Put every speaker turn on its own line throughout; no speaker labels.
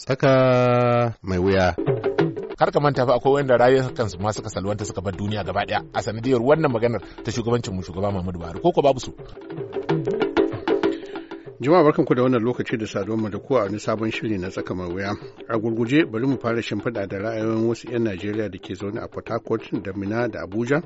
Tsaka mai wuya. kar ka manta fa akwai wanda rayuwar su ma suka salwanta suka bar duniya gaba daya a sanadiyar wannan maganar ta shugabancin mu shugaba Muhammadu Buhari ko ko babu su
Jama'a barkanku da wannan lokaci da saduwa da ku a wani sabon shiri na tsaka mai wuya. A gurguje bari mu fara shimfiɗa da ra'ayoyin wasu 'yan Najeriya da ke zaune a Port Harcourt da Mina da Abuja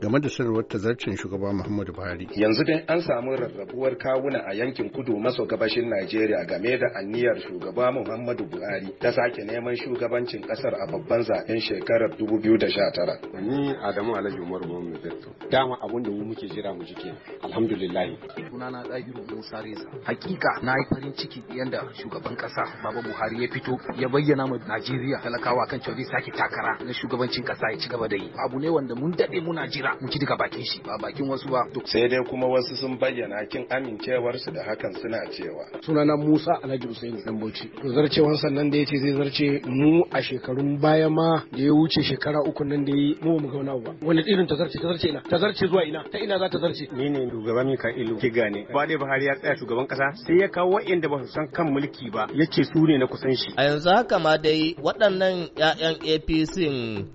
game da sanarwar tazarcin shugaba Muhammadu Buhari. Yanzu dai
an samu rarrabuwar kawuna a yankin kudu maso gabashin Najeriya game da anniyar shugaba Muhammadu Buhari ta sake neman shugabancin kasar a babban zaben shekarar 2019. Ni Adamu Alhaji Umar Muhammadu Bello. Dama abun da mu muke jira mu jike. Alhamdulillah.
Sunana Dahiru Musa Reza. hakika na yi farin ciki yadda shugaban kasa baba buhari ya fito ya bayyana ma najeriya talakawa kan cewa zai sake takara na shugabancin kasa ya ci gaba da yi
abu ne wanda mun dade muna jira mun ci daga bakin shi ba bakin wasu ba sai dai kuma wasu sun bayyana kin amincewarsu da hakan suna cewa sunana musa alhaji usaini dan bauchi zarcewan sannan da yace zai zarce mu a shekarun baya ma da ya wuce shekara uku nan da yi mu mu ga wani ba wani irin ta zarce ta zarce ina ta zarce zuwa ina ta ina za ta zarce ni ne shugaban ilu ki gane ba dai buhari ya tsaya shugaban kasa kaza sai ya kawo waɗanda ba su san kan mulki ba ya ce su ne na kusan shi. A yanzu haka ma dai waɗannan 'ya'yan APC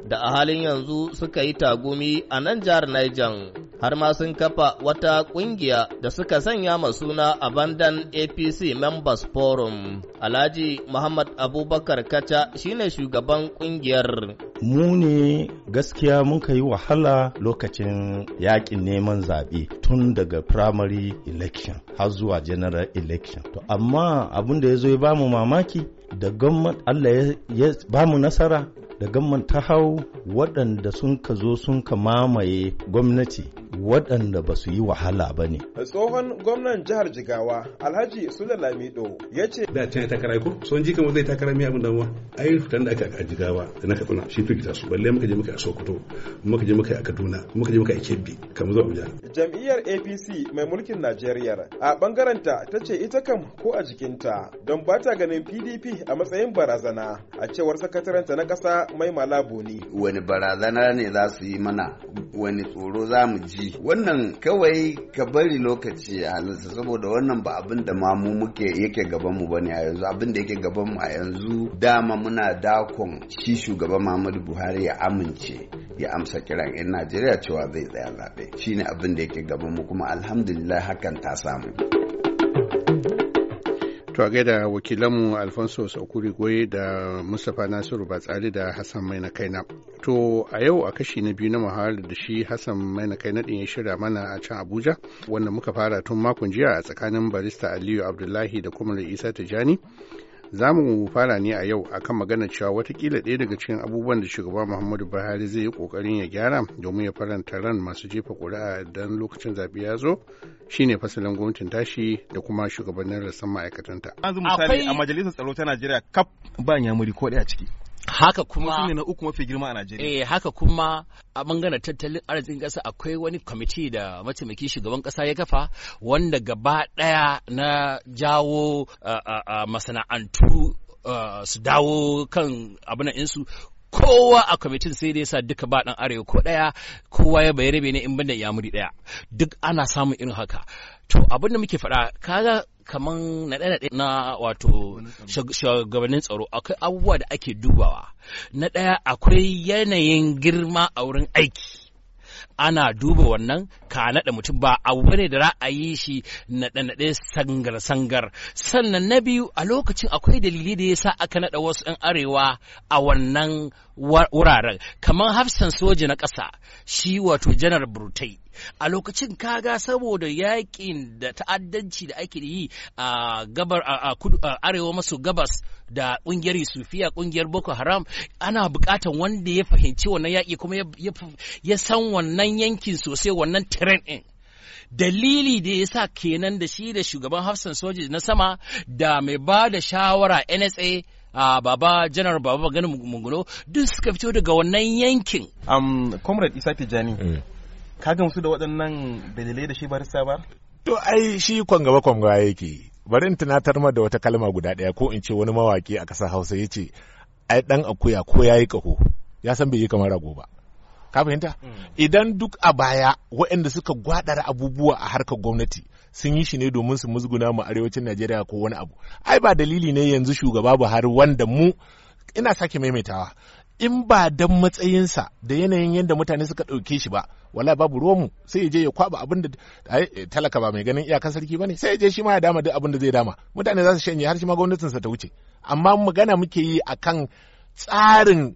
da a halin yanzu suka yi tagumi a nan jihar Niger har ma sun kafa wata ƙungiya da suka sanya ma suna Abandon APC Members Forum. Alhaji Muhammad Abubakar Kacha shine shugaban ƙungiyar mu ne gaskiya mun ka yi wahala lokacin yakin neman zaɓe tun daga primary election har zuwa general election to amma abin da ya zo ya bamu mamaki da gwamnati allah ya bamu nasara da gwamnati ta hau waɗanda sun ka zo sun ka mamaye gwamnati waɗanda ba su yi wahala ba ne. Tsohon gwamnan jihar Jigawa Alhaji Sule Lamido ya ce. Da can ya takara ko son ji kamar zai takara mai abin damuwa. Ai fitan da aka a Jigawa da na kaɗuna shi firgita su balle muka je muka a Sokoto muka je muka a Kaduna muka je muka a Kebbi kamar zuwa Abuja. Jam'iyyar APC mai mulkin Najeriya a bangaranta ta ce ita kam ko a jikinta don ba ta ganin PDP a matsayin barazana a cewar sakataranta na ƙasa mai malabuni. Wani barazana ne za su yi mana wani tsoro za mu ji wannan kawai ka bari lokaci ya halinsa saboda wannan ba abin da ma mu muke yake gaban mu bane a yanzu abin da yake gaban mu a yanzu dama muna dakon shi shugaban Muhammadu Buhari ya amince ya amsa kiran 'yan Najeriya cewa zai tsaya zaɓe shine abin da yake gaban mu kuma alhamdulillah hakan ta
samu. To a gaida wakilanmu Alfonso Saukuri Goye da Mustapha Nasiru Batsari da Hassan na Kaina. To a yau a kashi na biyu na muhawarar da shi Hassan na Kaina din ya shirya mana a can Abuja wanda muka fara tun makon jiya a tsakanin barista Aliyu Abdullahi da kuma Isa Tijani za mu fara ne a yau akan magana cewa watakila ɗaya daga cikin abubuwan da shugaba muhammadu buhari zai yi ƙoƙarin ya gyara domin ya faranta ran masu jefa ƙuri'a don lokacin zaɓe ya zo ne fasalin gwamnatin tashi da kuma shugabannin rassan ma'aikatanta.
yanzu a majalisar tsaro ta najeriya kaf ba nyamuri ko ɗaya ciki
haka kuma na uku mafi girma a Najeriya eh haka kuma a bangaren tattalin arzikin ƙasa akwai wani kwamiti da mataimaki shugaban ƙasa ya kafa wanda gaba ɗaya na jawo masana'antu su dawo kan abin insu kowa a kwamitin sai dai sa duka ba ɗan arewa ko daya kowa ya bayar ne in ya yamuri daya duk ana samun irin haka to abin da muke faɗa kaga kaman naɗe ɗaya. na wato shugabannin tsaro akwai abubuwa da ake dubawa na ɗaya akwai yanayin girma a wurin aiki ana duba wannan ka naɗa mutum ba abu bane da ra'ayi shi naɗe-naɗe sangar-sangar sannan na biyu a lokacin akwai dalili da yasa aka naɗa wasu 'yan arewa a wannan wuraren kamar hafsan soja na ƙasa shi wato janar burtai a lokacin kaga saboda yakin da ta'addanci da ake yi a gabar a arewa maso gabas da kungiyar yusufiya kungiyar boko haram ana bukatan wanda ya fahimci wannan yaƙi kuma ya san wannan Ɗan yankin sosai wannan tren ɗin. Dalili da ya sa kenan da shi da shugaban hafsan soji na sama da mai ba da shawara NSA a baba janar baba ganin mungulo duk suka fito daga wannan yankin.
Um, Comrade Isa Tijjani, mm. ka gamsu da waɗannan dalilai da shi barista ba? To ai
shi kwangaba kwangaba yake bari in tunatar ma da wata kalma guda ɗaya ko in ce wani mawaki a ƙasar Hausa ya ce ai ɗan akuya ko ya yi ƙaho ya san bai yi kamar rago ba. ka fahimta mm. idan duk a baya waɗanda suka gwadara abubuwa a harkar gwamnati sun yi shi ne domin su musguna mu arewacin najeriya ko wani abu ai ba dalili ne yanzu shugaba buhari wanda mu ina sake maimaitawa in ba dan matsayinsa da yanayin yadda mutane suka ɗauke shi ba wala babu ruwanmu sai ya je ya kwaba abin da talaka ba mai ganin iyakan sarki ba ne sai ya je shi ma ya dama duk abin da zai dama mutane za su shanye har shi ma gwamnatinsa ta wuce amma magana muke yi akan tsarin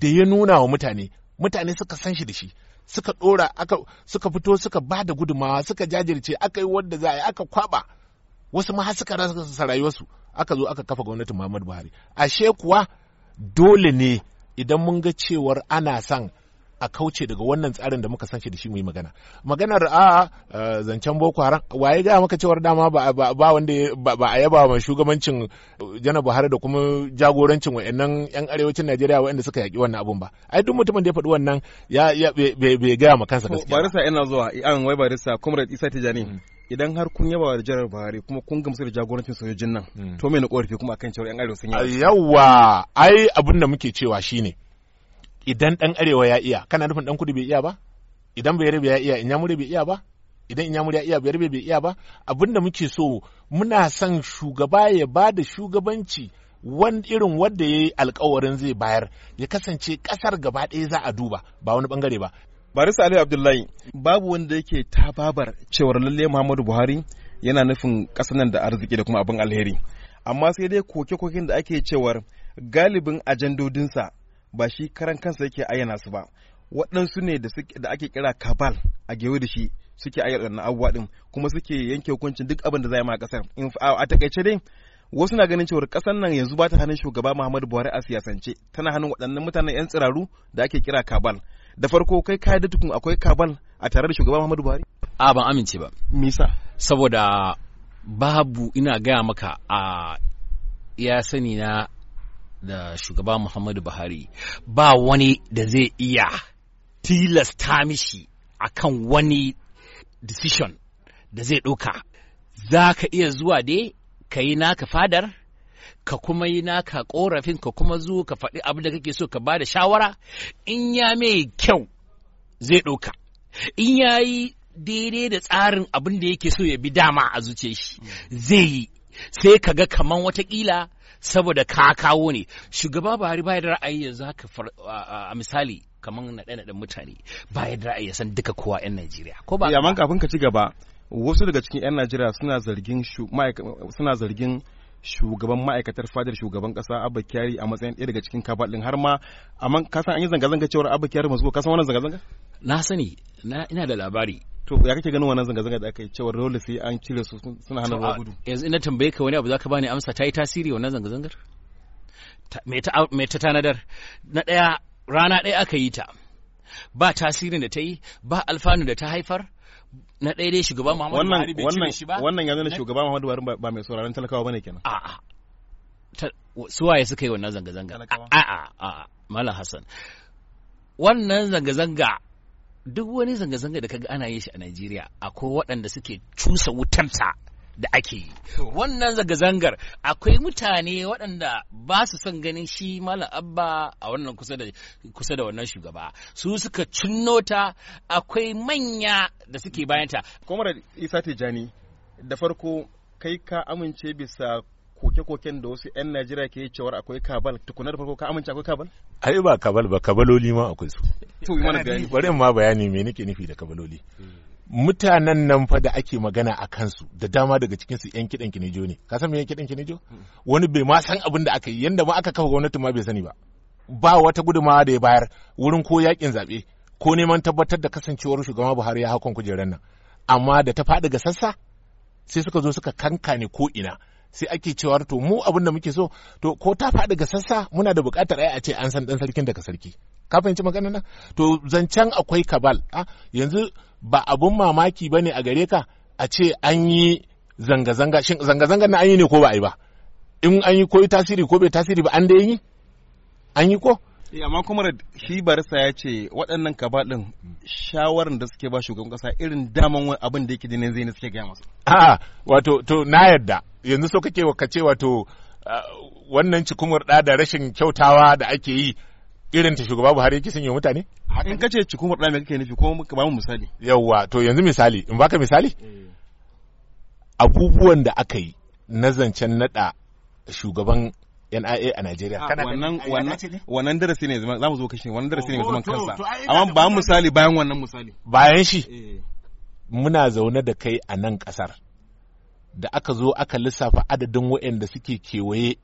da ya nuna wa mutane mutane suka san shi da shi suka dora aka suka fito suka ba da gudumawa suka jajirce aka yi wanda za a yi aka kwaba wasu ma suka rasa rayuwarsu aka zo aka kafa gwamnatin Muhammadu Buhari ashe kuwa dole ne idan mun ga cewar ana san. a kauce daga wannan tsarin da muka san shi da shi mu yi magana maganar a zancen boko haram waye ga maka cewar dama ba ba wanda ba a yaba ma shugabancin uh, jana buhari da kuma jagorancin wayannan yan arewacin najeriya wayanda suka yaki wannan abun ba ai duk mutumin da ya faɗi wannan
ya bai gaya ma kansa gaskiya barisa ina zuwa an wai barisa comrade isa tijani mm. idan har kun yaba da jiran buhari kuma kun gamsu da jagorancin sojojin nan mm. to me na korafi kuma akan cewar yan arewa sun
yawa
ai abin da muke cewa shine idan dan arewa ya iya kana
nufin dan kudu bai iya ba idan bai rabe ya iya in yamuri bai iya ba idan in yamuri ya iya bai rabe bai iya ba abinda muke so muna son shugaba ya ba da shugabanci wan irin wanda ya yi alkawarin zai bayar ya kasance kasar gaba ɗaya za a duba ba wani
bangare ba barisa ali abdullahi babu wanda yake babar cewar lalle muhammadu buhari yana nufin ƙasar nan da arziki da kuma abin alheri amma sai dai koke-koken da ake cewar galibin ajandodinsa ba shi karan kansa yake ayyana su ba waɗansu ne da ake kira kabal a gewe da shi suke ayyana abubuwa din kuma suke yanke hukuncin duk abin da zai ma kasar a takaice dai wasu na ganin cewar kasar nan yanzu ba ta hannun shugaba Muhammadu Buhari a siyasance tana hannun waɗannan mutanen 'yan tsiraru da ake kira kabal da farko kai ka da tukun akwai kabal
a tare da shugaba Muhammadu Buhari a ban amince ba misa saboda babu ina gaya maka a ya sani na da shugaba Muhammadu Buhari ba wani da zai iya tilasta mishi akan wani decision da zai ɗauka. Za ka iya zuwa dai ka yi naka fadar, ka kuma yi naka ƙorafin, ka kuma zo ka faɗi abin da kake so ka ba da shawara, in ya mai kyau zai ɗauka. In ya yi daidai da tsarin abin da yake so ya bi dama a zuce shi, zai yi. Sai ka ga kaman watakila saboda ka kawo ne shugaba Buhari ba da ra'ayi yanzu haka a misali kamar naɗe-naɗen mutane ba da ra'ayi ya san duka kowa 'yan Najeriya ko ba eh, amma kafin ka ci gaba wasu daga cikin 'yan
Najeriya suna zargin suna zargin shugaban ma'aikatar fadar shugaban kasa abba kyari a matsayin ɗaya daga cikin kafaɗin har ma amma kasan an yi zanga-zanga cewar abba kyari masu kasan wannan
zanga-zanga na sani ina da labari to ya kake ganin wannan zanga-zanga da aka yi cewa dole sai an cire su suna hana ruwa gudu yanzu ina tambaye ka wani abu zaka bani amsa ta yi tasiri wannan zanga-zangar me ta tanadar na ɗaya rana ɗaya aka yi ta ba tasirin da ta yi ba alfanu da ta haifar na ɗaya dai shugaba Muhammadu Buhari bai cire shi ba wannan ya nuna shugaba Muhammadu Buhari ba mai sauraron talakawa bane kenan a'a suwaye suka yi wannan zanga-zanga a a'a Malam Hassan wannan zanga-zanga duk wani zanga-zanga da kaga ana yin shi a Najeriya akwai waɗanda suke cusa wutarsa da ake yi wannan zanga-zangar akwai mutane waɗanda ba su son ganin shi malam abba a wannan kusa da wannan shugaba su suka cinno ta akwai manya da suke bayanta comrade isa tijani
da farko kai ka amince bisa koke-koken da wasu 'yan Najeriya ke yi cewar akwai kabal tukunar farko ka amince akwai kabal?
Ai ba kabal ba kabaloli ma akwai su. Bari ma bayani me nake nufi da kabaloli. Mutanen nan fa da ake magana a kansu da dama daga cikin su 'yan kiɗan kinejo ne. Ka san me 'yan kiɗan kinejo? Wani bai ma san abin da aka yi yanda ma aka kafa gwamnati ma bai sani ba. Ba wata gudumawa da ya bayar wurin ko yakin zaɓe ko neman tabbatar da kasancewar shugaba Buhari ya hakon kujerar nan. Amma da ta faɗi ga sassa sai suka zo suka kankane ko ina. sai ake cewa to mu abin da muke so to ko ta faɗi ga sassa muna da buƙatar ai a ce an san ɗan sarkin daga sarki ka fahimci magana na to zancen akwai kabal a ah, yanzu ba abun mamaki ba ne a gare ka a ce an yi zanga-zanga shin zanga-zanga na an yi ne ko ba a ba in an yi ko tasiri ko bai tasiri ba an da yi
an yi ko Eh, amma kuma shi barista ya ce waɗannan kabaɗin shawarar da suke ba shugaban ƙasa irin daman abin da yake jinin zai ne suke gaya masu. A'a wato to na yadda yanzu so kake ka ce wato wannan cikumar
da da rashin kyautawa da ake yi irin ta shugaba Buhari yake sanya mutane? In ka ce cikumar da me kake nufi ko ka ba mu misali. Yawwa to yanzu misali in baka misali eh. abubuwan da aka yi na zancen naɗa shugaban NIA a
Najeriya. Ah, wannan wannan darasi ne za mu zo ne wannan darasi ne zaman kansa. Amma ba misali bayan wannan misali. Bayan shi eh. muna zaune da kai a nan kasar.
Da aka zo aka lissafa adadin waɗanda suke kewaye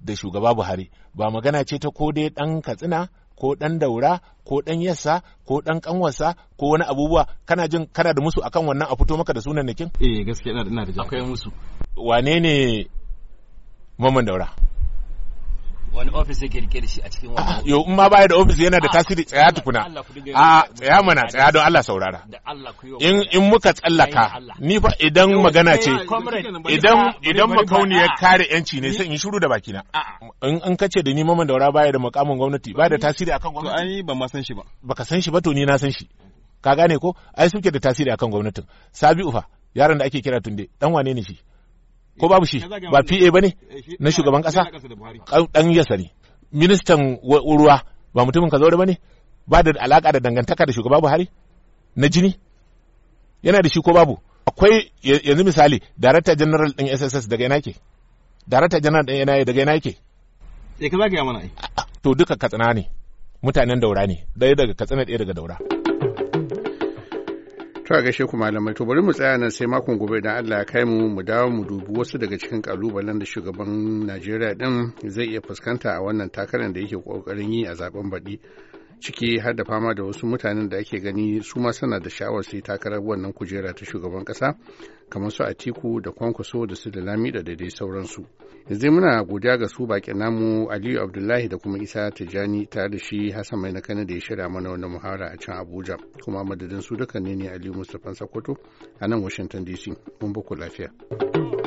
da shugaba Buhari ba magana ce ta ko dai ɗan Katsina ko ɗan daura ko ɗan yassa ko ɗan ƙanwarsa ko wani abubuwa kana jin kana da musu akan wannan a fito maka da sunan nakin? Eh gaskiya ina da akwai musu. Wane ne Muhammad daura
wani ofis ya da shi a cikin wani ah,
yo in ma baya da ofis yana da ah, tasiri tsaya tukuna a ah, tsaya mana tsaya don Allah saurara in in muka tsallaka ni fa idan magana eh, ce idan idan makauniyar kare yanci ne sai in shuru da bakina in an kace da ni Maman daura baya da makamin gwamnati baya da tasiri akan gwamnati to ai ban ma san shi ba baka san shi ba to ni na san shi ka gane ko ai suke da tasiri akan gwamnatin sabi ufa yaron da ake kira tunde dan wane ne shi ko babu shi ba PA ba ne na shugaban kasa ɗan yasa ne ministan ruwa ba mutumin kazaure ba ne ba da alaƙa da dangantaka da shugaba Buhari na jini yana da shi ko babu akwai yanzu misali director general din SSS daga ina ke director general din yana daga ina ke
sai eh, ka zagaya mana
to duka katsina ne mutanen daura ne ɗaya daga katsina ɗaya daga daura
To a gaishe ku malamai to bari mu tsaya nan sai makon gobe idan Allah ya kai mu mu dawo mu dubi wasu daga cikin kalubalen da shugaban Najeriya din zai iya fuskanta a wannan takarar da yake kokarin yi a zaben baɗi. ciki har da fama da wasu mutanen da ake gani su ma suna da sha'awar su yi takarar wannan kujera ta shugaban kasa kamar su atiku da kwankwaso da su da lamida da dai sauransu yanzu muna godiya ga su bakin namu aliyu abdullahi da kuma isa tijani tare da shi hassan mai nakana da ya shirya mana wannan muhara a can abuja kuma madadin su duka ne ne aliyu mustapha sokoto a nan washington dc mun baku lafiya.